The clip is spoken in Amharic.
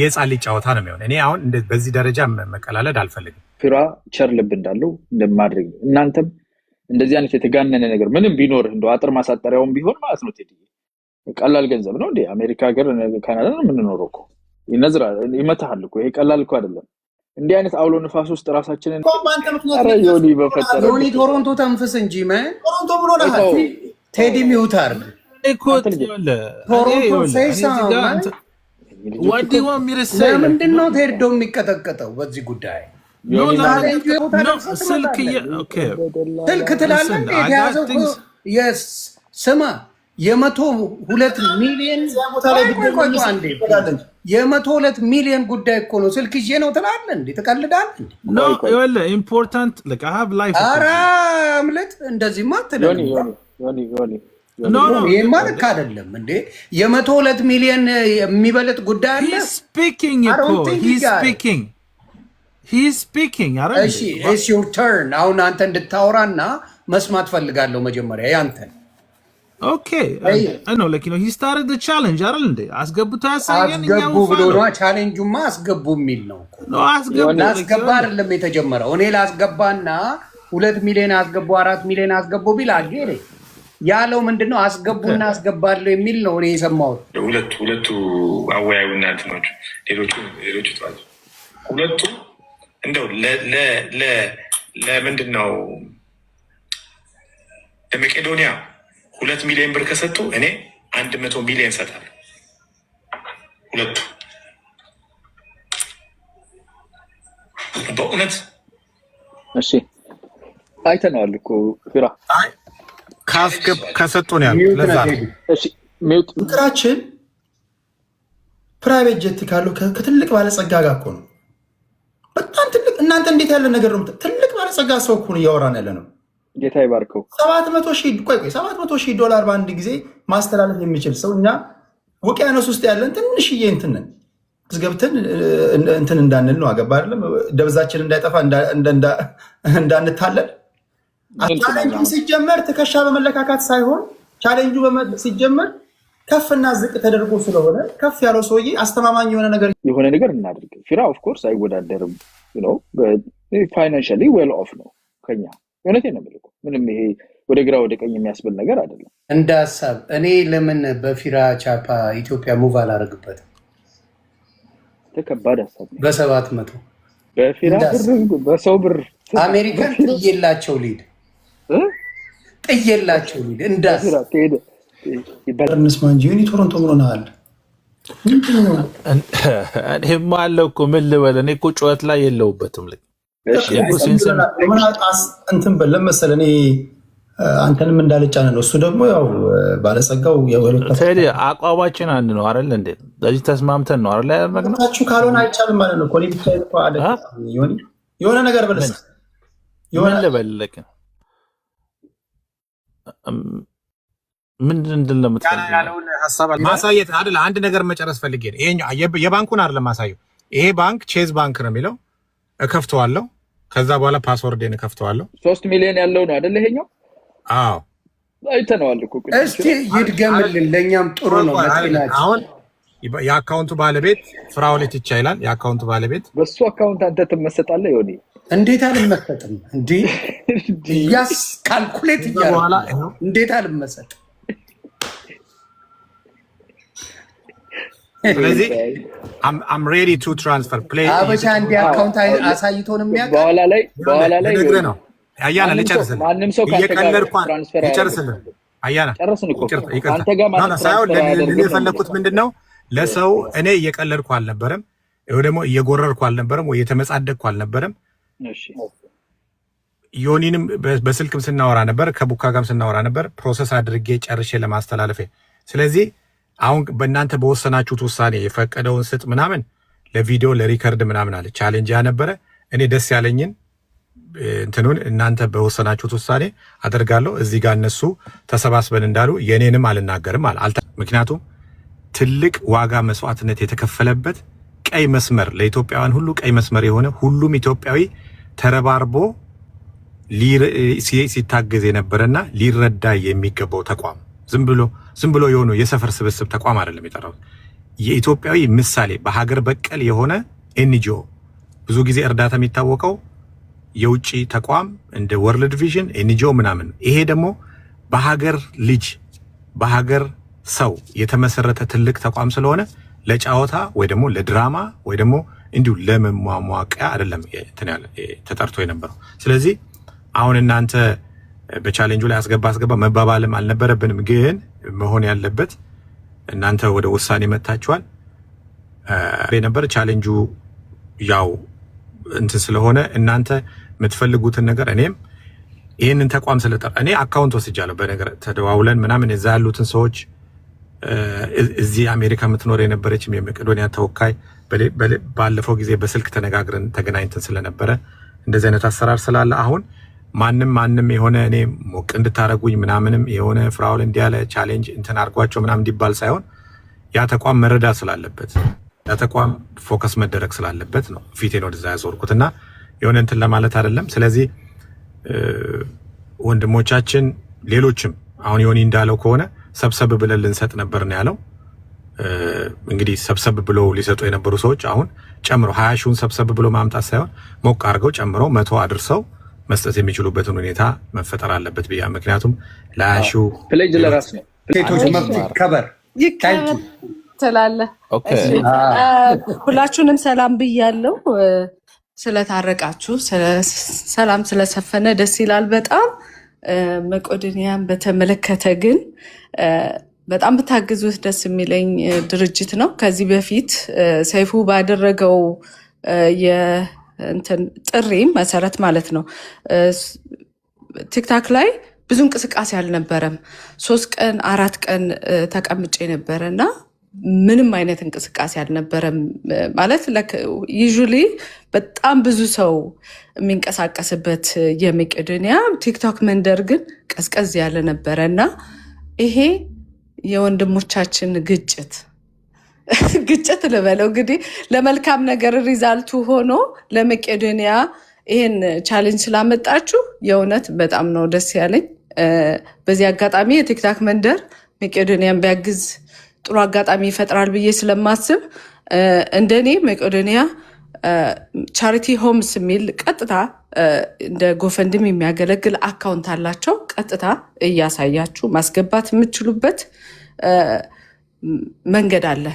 የህፃን ልጅ ጨዋታ ነው የሚሆን። እኔ አሁን በዚህ ደረጃ መቀላለድ አልፈልግም። ፊራ ቸር ልብ እንዳለው እንደማድረግ እናንተም እንደዚህ አይነት የተጋነነ ነገር ምንም ቢኖር እንደ አጥር ማሳጠሪያውን ቢሆን ማለት ነው። ቴዲ ቀላል ገንዘብ ነው እንዴ? አሜሪካ ሀገር፣ ካናዳ ነው የምንኖረው እኮ ይነዝራል፣ ይመታሃል እኮ ይሄ ቀላል እኮ አይደለም። እንዲህ አይነት አውሎ ንፋስ ውስጥ ራሳችንን ዮኒ በፈጠረ ዮኒ ቶሮንቶ ተንፍስ እንጂ ቶሮንቶ ብሎ ቴዲ ሚውታር ቶሮንቶ ሳይሳ ለምንድን ነው የሚቀጠቀጠው በዚህ ጉዳይ? ስልክ ስማ የመቶ ሁለት ሚሊዮን የመቶ ሁለት ሚሊዮን ጉዳይ እኮ ነው። ስልክ ይዤ ነው ትላለህ እንዴ? ትቀልዳለህ እንዴ? ኢምፖርታንት አምልጥ እንደዚህማ ይህማ ልክ አይደለም እንዴ! የመቶ ሁለት ሚሊዮን የሚበልጥ ጉዳይ አለ። ተርን አሁን አንተ እንድታወራና መስማት ፈልጋለሁ። መጀመሪያ ያንተን um, አስገቡ ብሎ ነዋ። ቻሌንጁማ አስገቡ የሚል ነው። ላስገባ አይደለም የተጀመረው። እኔ ላስገባና ሁለት ሚሊዮን አስገቡ አራት ሚሊዮን አስገቡ ቢል አጌ ያለው ምንድን ነው? አስገቡና አስገባለሁ የሚል ነው እኔ የሰማሁት። ሁለቱ ሁለቱ አወያዩ እናንት ናቸው። ሌሎቹ ሌሎቹ ሁለቱ እንደው ለምንድን ነው ለመቄዶንያ ሁለት ሚሊዮን ብር ከሰጡ እኔ አንድ መቶ ሚሊዮን ሰጣለሁ። ሁለቱ በእውነት እሺ አይተነዋል እኮ ራ ካስገብ ከሰጡን ምክራችን ፕራይቬት ጀት ካለው ከትልቅ ባለጸጋ ጋር እኮ ነው። በጣም ትልቅ እናንተ እንዴት ያለ ነገር ነው። ትልቅ ባለጸጋ ሰው እኮ ነው እያወራን ያለ ነው። ጌታ ይባርከው። ሰባት መቶ ሺህ ዶላር በአንድ ጊዜ ማስተላለፍ የሚችል ሰው እኛ ውቅያኖስ ውስጥ ያለን ትንሽዬ እንትን ነን። ገብተን እንትን እንዳንል ነው። አገባ አይደለም ደብዛችን እንዳይጠፋ እንዳንታለን ቻሌንጁ ሲጀመር ትከሻ በመለካካት ሳይሆን ቻሌንጁ ሲጀመር ከፍና ዝቅ ተደርጎ ስለሆነ ከፍ ያለው ሰውዬ አስተማማኝ የሆነ ነገር የሆነ ነገር እናድርግ። ፊራ ኦፍኮርስ አይወዳደርም፣ ፋይናንሻሊ ዌል ኦፍ ነው ከኛ። እውነቴን ነው የምልህ። ምንም ይሄ ወደ ግራ ወደ ቀኝ የሚያስብል ነገር አይደለም። እንደ ሀሳብ እኔ ለምን በፊራ ቻፓ ኢትዮጵያ ሙቭ አላደርግበትም? ተከባድ ሀሳብ በሰባት መቶ በፊራ ብር በሰው ብር አሜሪካን ትይላቸው ሊድ ጥየላቸው እንዳስርንስ ማንጂ ኒ ቶሮንቶ እኔማ እኮ ምን ልበል? እኔ እኮ ጩኸት ላይ የለውበትም። እንትን እኔ አንተንም እንዳልጫነ ነው። እሱ ደግሞ ያው ባለጸጋው አቋማችን አንድ ነው አይደል እንዴ? ለዚህ ተስማምተን ነው አይደል ያደረግነው። ካልሆነ አይቻልም ማለት ነው። የሆነ ነገር በለስ ምን ምንድን እንድን ለማሳየት አይደለ? አንድ ነገር መጨረስ ፈልጌ ነው። ይሄኛው የባንኩን አይደለ ማሳየው። ይሄ ባንክ ቼዝ ባንክ ነው የሚለው እከፍተዋለሁ። ከዛ በኋላ ፓስወርዴን እከፍተዋለሁ። ሶስት ሚሊዮን ያለው ነው አይደለ? ይሄኛው አዎ፣ አይተነዋል እኮ። እስቲ ይድገምልን፣ ለእኛም ጥሩ ነው። አሁን የአካውንቱ ባለቤት ፍራውሌት ይላል። የአካውንቱ ባለቤት በሱ አካውንት አንተ ትመሰጣለህ ይሆን እንዴት አልመሰጥም? እንዲ እያስ ካልኩሌት እያለ እንዴት አልመሰጥ? ስለዚህ አበሻ እንዲ አካውንት አሳይቶን የሚያውቅ በኋላ ላይ በኋላ ላይ ነው አያና ልጨርስልህ፣ ማንም ልጨርስልህ። አያና የፈለግኩት ምንድን ነው ለሰው እኔ እየቀለድኩ አልነበረም፣ ወይ ደግሞ እየጎረርኩ አልነበረም፣ ወይ የተመጻደቅኩ አልነበረም ዮኒንም በስልክም ስናወራ ነበር፣ ከቡካ ጋርም ስናወራ ነበር። ፕሮሰስ አድርጌ ጨርሼ ለማስተላለፍ ስለዚህ አሁን በእናንተ በወሰናችሁት ውሳኔ የፈቀደውን ስጥ ምናምን ለቪዲዮ ለሪከርድ ምናምን አለ ቻሌንጅ ያነበረ እኔ ደስ ያለኝን እንትኑን እናንተ በወሰናችሁት ውሳኔ አደርጋለሁ። እዚህ ጋር እነሱ ተሰባስበን እንዳሉ የእኔንም አልናገርም አለ። ምክንያቱም ትልቅ ዋጋ መስዋዕትነት የተከፈለበት ቀይ መስመር ለኢትዮጵያውያን ሁሉ ቀይ መስመር የሆነ ሁሉም ኢትዮጵያዊ ተረባርቦ ሲታገዝ የነበረና ሊረዳ የሚገባው ተቋም ዝም ብሎ ዝም ብሎ የሆነ የሰፈር ስብስብ ተቋም አይደለም የጠራሁት። የኢትዮጵያዊ ምሳሌ በሀገር በቀል የሆነ ኤንጂኦ ብዙ ጊዜ እርዳታ የሚታወቀው የውጭ ተቋም እንደ ወርልድ ቪዥን ኤንጂኦ ምናምን። ይሄ ደግሞ በሀገር ልጅ በሀገር ሰው የተመሰረተ ትልቅ ተቋም ስለሆነ ለጫወታ ወይ ደግሞ ለድራማ ወይ ደግሞ እንዲሁ ለመሟሟቂያ አይደለም ተጠርቶ የነበረው። ስለዚህ አሁን እናንተ በቻሌንጁ ላይ አስገባ አስገባ መባባልም አልነበረብንም። ግን መሆን ያለበት እናንተ ወደ ውሳኔ መጥታችኋል ነበር። ቻሌንጁ ያው እንትን ስለሆነ እናንተ የምትፈልጉትን ነገር እኔም ይህንን ተቋም ስለጠራ እኔ አካውንት ወስጃለሁ። በነገር ተደዋውለን ምናምን የዛ ያሉትን ሰዎች እዚህ አሜሪካ የምትኖር የነበረችም የመቄዶኒያ ተወካይ ባለፈው ጊዜ በስልክ ተነጋግረን ተገናኝተን ስለነበረ እንደዚህ አይነት አሰራር ስላለ አሁን ማንም ማንም የሆነ እኔ ሞቅ እንድታደረጉኝ ምናምንም የሆነ ፍራውል እንዲያለ ቻሌንጅ እንትን አድርጓቸው ምናምን እንዲባል ሳይሆን ያ ተቋም መረዳት ስላለበት ያ ተቋም ፎከስ መደረግ ስላለበት ነው ፊቴን ወደዛ ያዞርኩት እና የሆነ እንትን ለማለት አይደለም። ስለዚህ ወንድሞቻችን ሌሎችም አሁን የሆኒ እንዳለው ከሆነ ሰብሰብ ብለን ልንሰጥ ነበር ነው ያለው። እንግዲህ ሰብሰብ ብሎ ሊሰጡ የነበሩ ሰዎች አሁን ጨምሮ ሀያ ሺውን ሰብሰብ ብሎ ማምጣት ሳይሆን ሞቅ አድርገው ጨምረው መቶ አድርሰው መስጠት የሚችሉበትን ሁኔታ መፈጠር አለበት ብያ። ምክንያቱም ለሀያ ሺው ፕሌጅ ለራስ ነው ሁላችሁንም ሰላም ብያለው። ስለታረቃችሁ ሰላም ስለሰፈነ ደስ ይላል በጣም መቄዶንያን በተመለከተ ግን በጣም ብታግዙት ደስ የሚለኝ ድርጅት ነው። ከዚህ በፊት ሰይፉ ባደረገው የእንትን ጥሪ መሰረት ማለት ነው ቲክታክ ላይ ብዙ እንቅስቃሴ አልነበረም። ሶስት ቀን አራት ቀን ተቀምጬ ነበረ እና ምንም አይነት እንቅስቃሴ አልነበረም። ማለት ዩዥሊ በጣም ብዙ ሰው የሚንቀሳቀስበት የመቄዶንያ ቲክቶክ መንደር ግን ቀዝቀዝ ያለ ነበረ እና ይሄ የወንድሞቻችን ግጭት ግጭት ልበለው እንግዲህ ለመልካም ነገር ሪዛልቱ ሆኖ ለመቄዶንያ ይሄን ቻሌንጅ ስላመጣችሁ የእውነት በጣም ነው ደስ ያለኝ። በዚህ አጋጣሚ የቲክታክ መንደር መቄዶንያን ቢያግዝ ጥሩ አጋጣሚ ይፈጥራል ብዬ ስለማስብ እንደኔ መቄዶንያ ቻሪቲ ሆምስ የሚል ቀጥታ እንደ ጎፈንድም የሚያገለግል አካውንት አላቸው። ቀጥታ እያሳያችሁ ማስገባት የምችሉበት መንገድ አለ።